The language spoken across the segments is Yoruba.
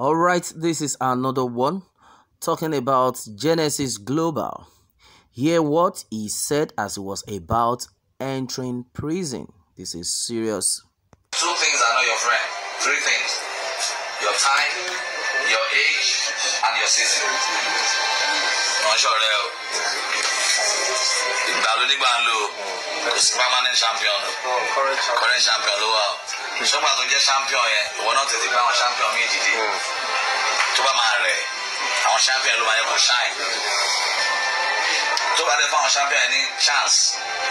All right, this is another one talking about Genesis Global. Hear what he said as he was about entering prison. This is serious. Two things are not your friend. Three things your time, your age, and your season. wọn ṣọ̀rẹ́ o ìgbà ló nígbà permanent champion current champion ló wà o ṣọgbà tó jẹ́ champion yẹn ìwọ náà tètè bá àwọn champion mi dìde hmm. tó bá máa rẹ̀ àwọn champion ló máa yẹ kó shine tó bá dé fún àwọn champion yẹn ní chance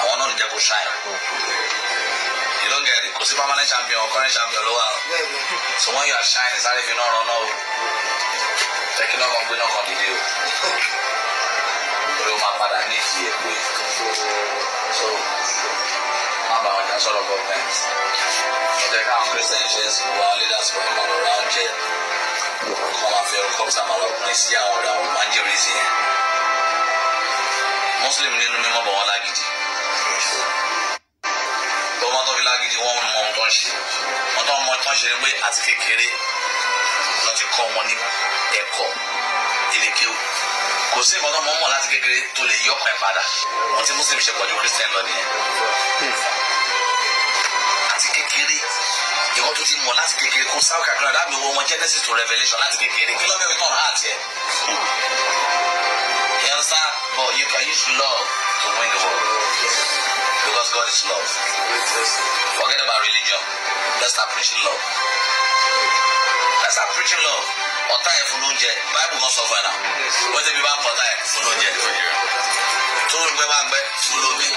àwọn náà ló jẹ́ kó shine you don't get it kò sí permanent champion current champion ló wà o so when you are shine sáré fi náà rán náà o tẹkí kan gbé náà kan dìde o máa padà ní ìdí èpè so má bàa ọjà sọ̀rọ̀ gọ́ọ̀mẹ̀ntì ọjọ́ káwọn christian church wà leaders for him ọ̀rọ̀ àjẹ kọ́ máa fi ọkọ̀ tí a máa lọ pín sí àwọn ọ̀rọ̀ àwọn evangelist yẹn muslim nínú mi mọ́ bọ̀ wọ́n lágídí bọ́ wọn tó fi lágídí wọ́n mọ ohun tó ń ṣe wọ́n tó mọ ohun tó ń ṣe ni pé àti kékeré lọ́ọ́ ti kọ́ wọn ní ẹ̀kọ́ ilé kéwù kò sí nǹkan tó mọ̀ mọ̀ láti kékeré tó lè yọ ọkàn padà wọn tí muslim ṣe pọ̀jù christian lọ nìyẹn àti kékeré ìwọ́n tó ti mọ̀ láti kékeré kó south carolina dábì owó wọn genesis to revelation láti kékeré kí lọ́bẹ̀ mi tán heart yẹ. you understand but you can use love to win the world because God is love forget about religion let's start preaching love let's start preaching love ọ̀tá yẹn fún lóúnjẹ báyìí kan sọ fún ẹ náà wọ́n ti bí bá ń pọ̀ ọ̀tá yẹn fún tó ń gbẹ máa ń gbẹ fún lómi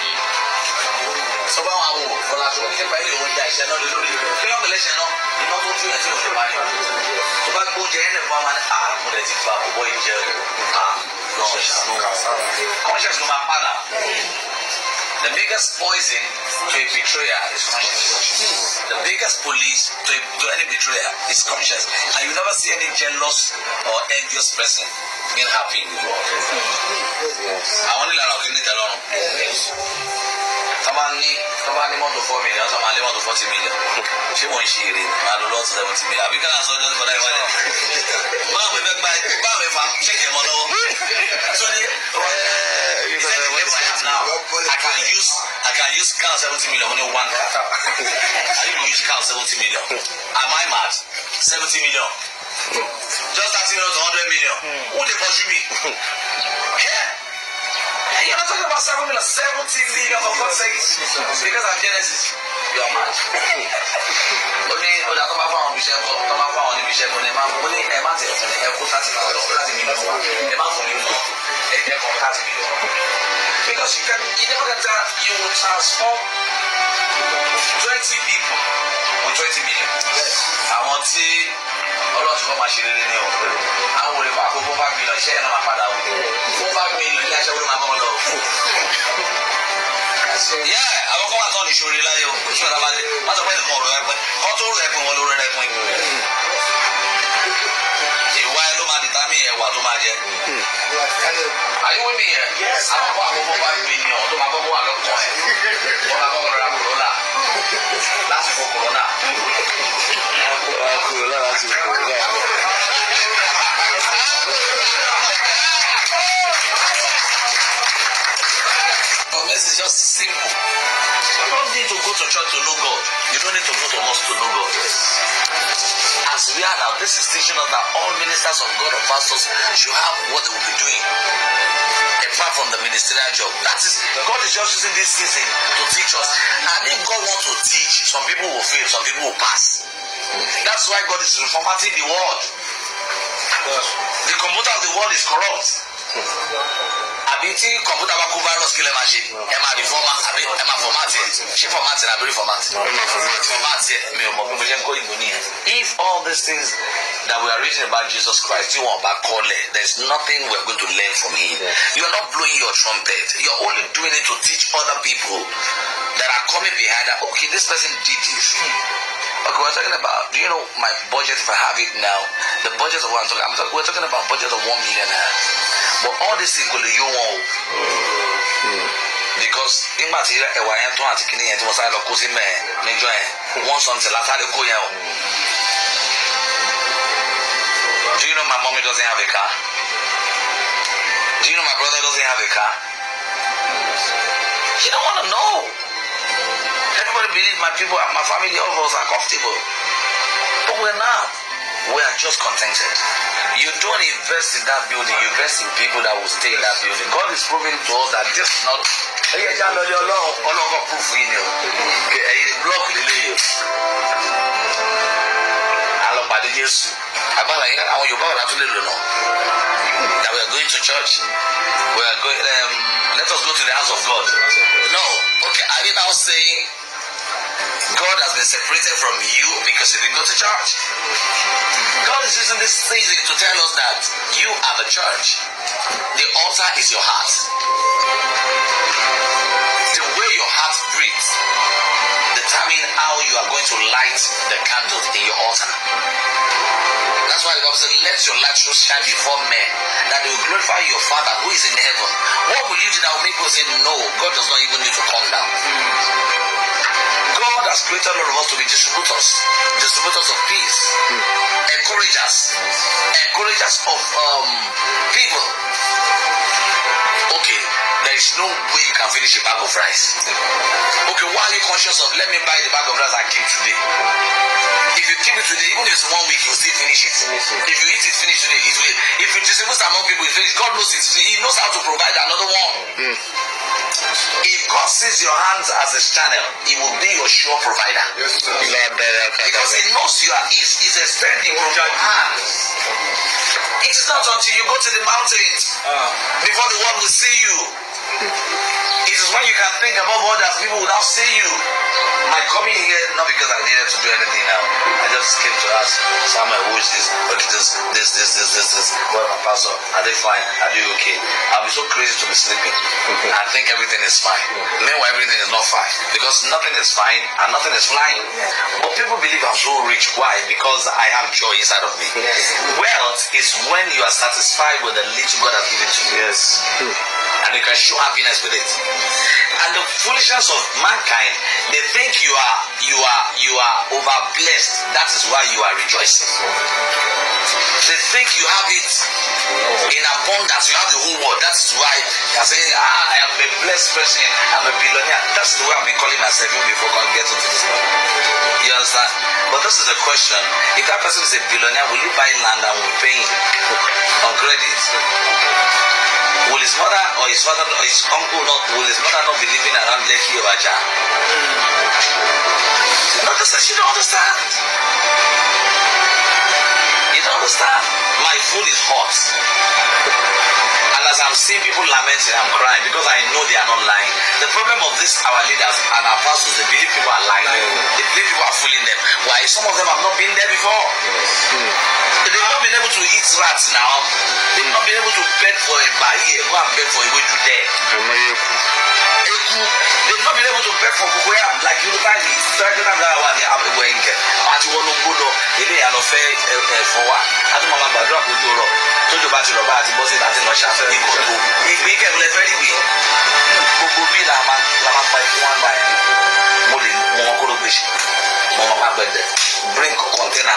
sọ bá wọn àwò ọ̀la tó ń képa ilé oúnjẹ àìsàn náà lórí kí lọ́ọ̀mù lẹ́sẹ̀ náà iná tó ń tún ẹ̀sìn òfin máa ń yọ tó bá gbóúnjẹ yẹn nìkan máa ń à ah, mo ti fa àbúbọ̀ ìjẹun à lọ́ọ̀ ṣàlùkà àwọn máa pààlà. The biggest poison to a betrayer is conscience. The biggest police to, a, to any betrayer is conscience. And you never see any jealous or envious person being happy in the world. I want to learn how to ní tó bá ní mọ́tò four million sọ máa lé mọ́tò forty million ṣé mò ń ṣe eré máa lọ lọ́ọ̀tù seventy million àbí káyà sọ ọjọ́ tó kọjá ìwádìí báwo mi fẹ́ gba báwo mi fa ṣèkè mọ́ lọ́wọ́ tó ní ìṣẹ́jú lébọ̀ I have now I can use I can use car seventy million only one car are you go use car seventy million am I mad seventy million just thirty million to hundred million who dey pursue me. Yeah. Hey, you're not talking about seven million, seventy million for God's sake. Because I'm Genesis, you're mad. Only, you are mad. ó ní ọjà tó bá fún àwọn ibiṣẹ́ kan tó bá fún àwọn ibiṣẹ́ kan ní ẹ máa fún ní ẹ máa tẹ̀lé tẹ̀lé ẹ kó láti máa lọ láti mílíọ̀n wa ẹ máa fún ní mọ́ ẹ jẹ́ kan láti mílíọ̀n wa. Because you can you never get that you will transform twenty people with twenty million. Yes àwọn tí ọlọ́tún kọ́ máa ṣe rere ní ọ̀pẹ àwọn olè bá kókó bá mi lọ iṣẹ́ yẹn náà máa padà wò fún bá mi lọ ilé aṣẹ́wó ló máa bọ́ lọ. yẹ àwọn kọ́ wà tán ní ìṣòro láyé o ìṣòro àbájẹ má sọ pé ẹnìkan ọ̀rọ̀ ẹ̀pẹ́ kọ́ tó rẹ̀ ẹ̀pẹ́ wọn ló rẹ̀ ẹ̀pẹ́ ìwé mi yẹn àkọ́kọ́ àkọ́kọ́ bá mi ni ọ̀dọ́ máa kọ́kọ́ wà lọ́kàn ẹ̀ wọ́n máa kọ́kọ́ ra kòrónà lásìkò kòrónà. kòrónà lásìkò kòrónà. Our message is just simple. You don't need to go to church to know God. You don't need to go to mosque to know God we are now, this is teaching us that all ministers of God and pastors should have what they will be doing. Apart from the ministerial job. That is, God is just using this season to teach us. And if God wants to teach, some people will fail, some people will pass. That's why God is reformatting the world. The computer of the world is corrupt ibi tí bá kó virus kí lè máa ṣe ẹ máa rí fọ́mà àbí ẹ máa fọ́màtì ẹ ṣé fọ́màtì rẹ àbí rí fọ́màtì. fọ́màtì ẹ mi ò mọ̀ mo ṣe ń kó ìbò nìyẹn. if all these things that we are reading about Jesus Christ tí wọn bá kọ́lẹ̀ there is nothing we are going to learn from him. you are not blowing your trumpet you are only doing it to teach other people that are coming behind that okay this person did this. Hmm. Okay, we're talking about. Do you know my budget? If I have it now, the budget of what I'm talking, I'm talking we're talking about budget of one million. Naira but all these things kò lè yó wọn o because nígbà tí ẹ̀wà yẹn tún àti kíní tí mo sáré lọ kó sí mẹ́ẹ̀ níjọ́ yẹn one something látàrí kó yẹn o. Oh. Do you know my mommy doesn't have a car? Do you know my brother doesn't have a car? She don't want to know. Everybody believe my people, my family, all of us are comfortable, but we're not we are just contented. You don't invest in that building, you invest in people that will stay in that building. God is proving to us that this is not. Ẹyẹ ẹja lọ ní ọlọ́run ọlọ́run proof yìí ni o. Ẹyin block lílé yìí o. Alọ́pàdé Jésù. Agbára yẹn àwọn Yorùbá wà látúndé lò náà. That we are going to church. We are going um, let us go to the house of God. No, okay, are you now saying? God has been separated from you because you didn't go to church. God is using this season to tell us that you are the church. The altar is your heart. The way your heart breathes determines how you are going to light the candles in your altar. That's why the Bible says, Let your light so shine before men that they will glorify your Father who is in heaven. What will you do that will make people say, No, God does not even need to come down? Mm. God has created all of us to be distributors, distributors of peace, mm. encouragers, encouragers of um, people. Okay, there is no way you can finish a bag of rice. Okay, why are you conscious of let me buy the bag of rice I keep today? If you keep it today, even if it's one week, you still finish it. If you eat it, finish today. If you distribute among people, it's finished. God knows it. He knows how to provide another one. Mm. If God sees your hands as a channel, He will be your sure provider. Yes, sir. Because He knows you are is is extending from your hands. It is not until you go to the mountains ah. before the world will see you. It is when you can think above others, people will now see you. My coming here, not because I needed to do anything now. I just came to ask Samuel, who is this? But is this? This, this, this, this, this. Well, my pastor, are they fine? Are they okay? I'll be so crazy to be sleeping. I think everything is fine. Meanwhile, everything is not fine because nothing is fine and nothing is flying. But people believe I'm so rich. Why? Because I have joy inside of me. Yes. Wealth is when you are satisfied with the little God has given to you. Yes. And you can show happiness with it and the foolishness of mankind they think you are you are you are over blessed that is why you are rejoicing they think you have it in abundance you have the whole world that is why they are saying ah i am a blessed person i am a billionaire that is the way i have been calling myself even before God get into this point you understand but this is the question if that person is a billionaire will you buy land and will pay him on credit will his mother or his father or his uncle not will his mother not Believing around Lekki or Aja. Not understand. she don't understand. You don't understand. My food is hot. And as I'm seeing people lamenting, I'm crying because I know they are not lying. The problem of this, our leaders and our pastors, they believe people are lying. They believe people are why some of them have not been there before. Yes. Hmm. They've not been able to eat rats now. They've mm. not been able to beg for a baye. go and beg for a way to there. They've not been able to beg for cocoyam like you find Yoruba is thirty nine dollar one they have a way to wọn ló gbódò ilé ìyànà fẹ ẹfọn I àti màmá gbàdúrà kójú rọ tójú bá ti rọ bá àti bọ́sẹ̀ àti lọ́ṣà ìkòtò ìgbín kẹ́kọ̀ọ́ lẹ́fẹ́ rí mi gbogbo bí làwọn máa pa ìfún wa náà mo lè mọ wọn kó ló gbèsè. mama bende bring container